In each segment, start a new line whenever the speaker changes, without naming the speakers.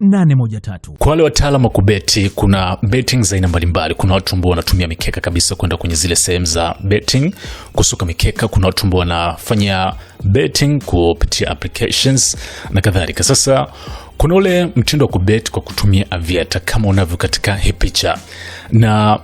813.
Kwa wale wataalamu wa kubeti, kuna betting za aina mbalimbali. Kuna watu ambao wanatumia mikeka kabisa kwenda kwenye zile sehemu za betting kusuka mikeka, kuna watu ambao wanafanya betting kupitia applications na kadhalika. Sasa kuna ule mtindo wa kubeti kwa kutumia aviata kama unavyo katika hii picha na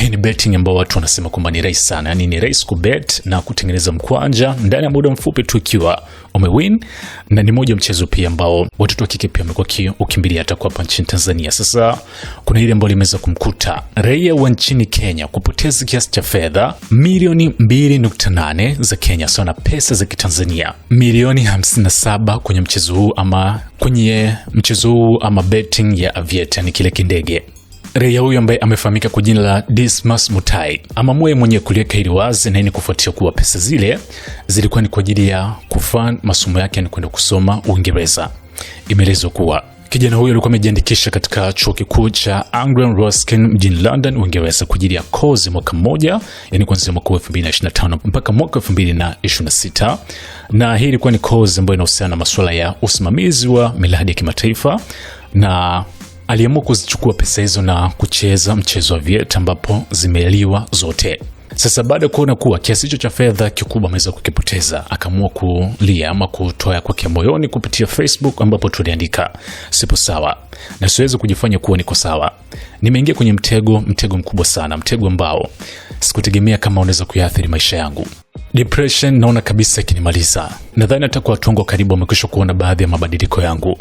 hii ni betting ambayo watu wanasema kwamba ni rahisi sana, yani ni rahisi kubet na kutengeneza mkwanja ndani ya muda mfupi tu ikiwa umewin, na ni moja mchezo pia ambao watoto wa kike pia wamekuwa ukimbilia hata kwa hapa nchini Tanzania. Sasa kuna ile ambayo limeweza kumkuta raia wa nchini Kenya kupoteza kiasi cha fedha milioni 2.8 za Kenya sawa na pesa za Kitanzania milioni 57 kwenye mchezo huu ama kwenye mchezo huu ama betting ya Aviator, ni kile kindege Raia huyo ambaye amefahamika kwa jina la Dismas Mutai amamue mwenye kuliweka ili wazi, na hii ni kufuatia kuwa pesa zile zilikuwa ni kwa ajili ya kufan masomo yake, ni kwenda kusoma Uingereza. Imeelezwa kuwa kijana huyo alikuwa amejiandikisha katika chuo kikuu cha Anglian Ruskin mjini London, Uingereza, kwa ajili ya kozi mwaka mmoja, yani kuanzia mwaka 2025 mpaka mwaka 2026, na hii ilikuwa ni kozi ambayo inahusiana na masuala ya usimamizi wa miradi ya kimataifa na aliamua kuzichukua pesa hizo na kucheza mchezo wa viet ambapo zimeliwa zote. Sasa baada ya kuona kuwa kiasi hicho cha fedha kikubwa ameweza kukipoteza, akaamua kulia ama kutoa kwake moyoni kupitia Facebook, ambapo tuliandika sipo sawa na siwezi kujifanya kuwa niko sawa. Nimeingia kwenye mtego, mtego mkubwa sana, mtego ambao sikutegemea kama unaweza kuyaathiri maisha yangu. Depression naona kabisa ikinimaliza. Nadhani hata kwa watungo karibu wamekwisha kuona baadhi ya mabadiliko yangu.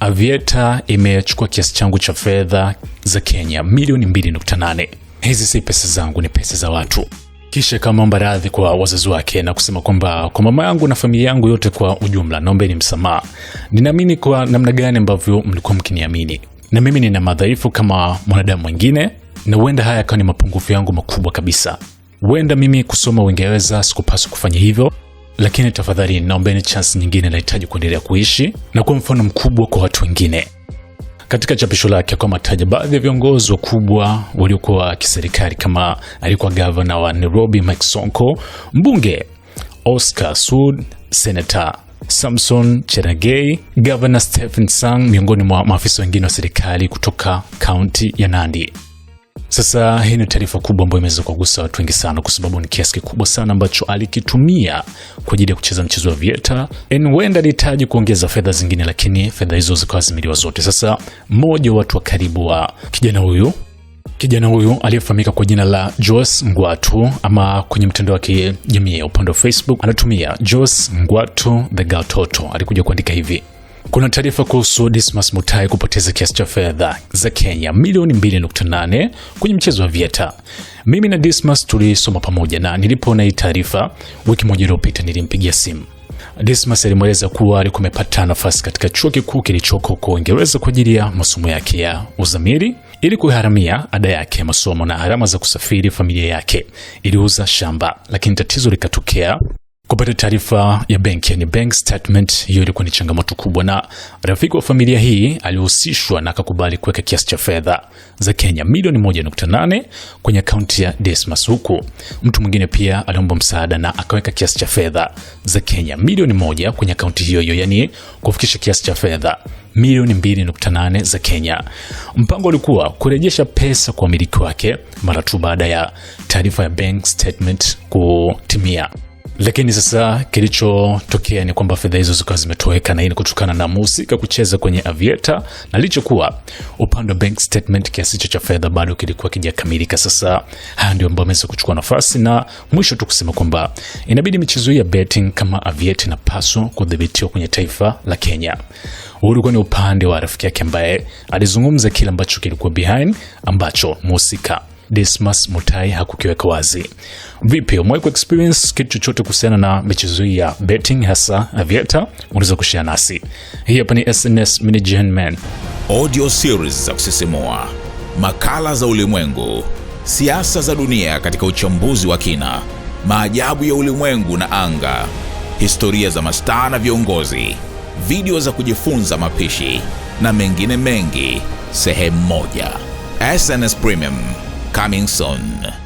Avieta imechukua kiasi changu cha fedha za Kenya milioni 2.8 hizi si pesa zangu, ni pesa za watu. Kisha kamaomba radhi kwa wazazi wake na kusema kwamba kwa mama yangu na familia yangu yote kwa ujumla, naombeni msamaha. Ninaamini kwa namna gani ambavyo mlikuwa mkiniamini, na mimi nina madhaifu kama mwanadamu mwingine, na huenda haya yakawa ni mapungufu yangu makubwa kabisa. Huenda mimi kusoma Uingereza sikupaswa kufanya hivyo, lakini tafadhali naombeni chansi nyingine. Nahitaji kuendelea kuishi na kuwa mfano mkubwa kwa watu wengine. Katika chapisho lake kwa mataja baadhi ya viongozi wakubwa waliokuwa kiserikali kama alikuwa gavana wa Nairobi Mike Sonko, mbunge Oscar Sud, Senator Samson Cherargei, Governor Stephen Sang miongoni mwa maafisa wengine wa serikali kutoka kaunti ya Nandi. Sasa hii ni taarifa kubwa ambayo imeweza kugusa watu wengi sana, kwa sababu ni kiasi kikubwa sana ambacho alikitumia kwa ajili ya kucheza mchezo wa Vieta. Huenda alihitaji kuongeza fedha zingine, lakini fedha hizo zikawa zimeliwa zote. Sasa mmoja wa watu wa karibu wa kijana huyu kijana huyu aliyefahamika kwa jina la Jos Ngwatu ama kwenye mtandao wa kijamii upande wa Facebook anatumia Jos Ngwatu the Gatoto, alikuja kuandika hivi: kuna taarifa kuhusu Dismas Mutai kupoteza kiasi cha fedha za Kenya milioni 2.8 kwenye mchezo wa Vieta. Mimi na Dismas tulisoma pamoja na nilipoona hii taarifa wiki moja iliyopita nilimpigia simu. Dismas alimweleza kuwa alikuwa amepata nafasi katika chuo kikuu kilichoko huko Uingereza kwa ajili ya masomo yake ya uzamili. Ili kuharamia ada yake ya masomo na gharama za kusafiri familia yake, iliuza shamba, lakini tatizo likatokea kupata taarifa ya benki, yani bank statement. Hiyo ilikuwa ni changamoto kubwa, na rafiki wa familia hii alihusishwa na akakubali kuweka kiasi cha fedha za Kenya milioni 1.8 kwenye akaunti ya Desmas, huku mtu mwingine pia aliomba msaada na akaweka kiasi cha fedha za Kenya milioni moja kwenye akaunti hiyo hiyo, yani kufikisha kiasi cha fedha milioni 2.8 za Kenya. Mpango ulikuwa kurejesha pesa kwa wamiliki wake mara tu baada ya taarifa ya bank statement kutimia. Lakini sasa kilichotokea ni kwamba fedha hizo zikawa zimetoweka, na hii ni kutokana na mhusika kucheza kwenye avieta na lichokuwa upande wa bank statement, kiasi hicho cha fedha bado kilikuwa kijakamilika. Sasa haya ndio ambayo ameweza kuchukua nafasi, na mwisho tu kusema kwamba inabidi michezo hii ya betting kama Aviator inapaswa kudhibitiwa kwenye taifa la Kenya. Ulikuwa ni upande wa rafiki yake ambaye alizungumza kile ambacho kilikuwa behind ambacho mhusika Dismas Mutai hakukiweka wazi. Vipi, umewahi kuexperience kitu chochote kuhusiana na michezo hii ya betting hasa Aviator? Uh, Unaweza kushare nasi. Hii hapa ni SNS Man,
Audio series za kusisimua, makala za ulimwengu, siasa za dunia katika uchambuzi wa kina, maajabu ya ulimwengu na anga, historia za mastaa na viongozi, video za kujifunza mapishi na mengine mengi, sehemu moja. SNS Premium coming soon.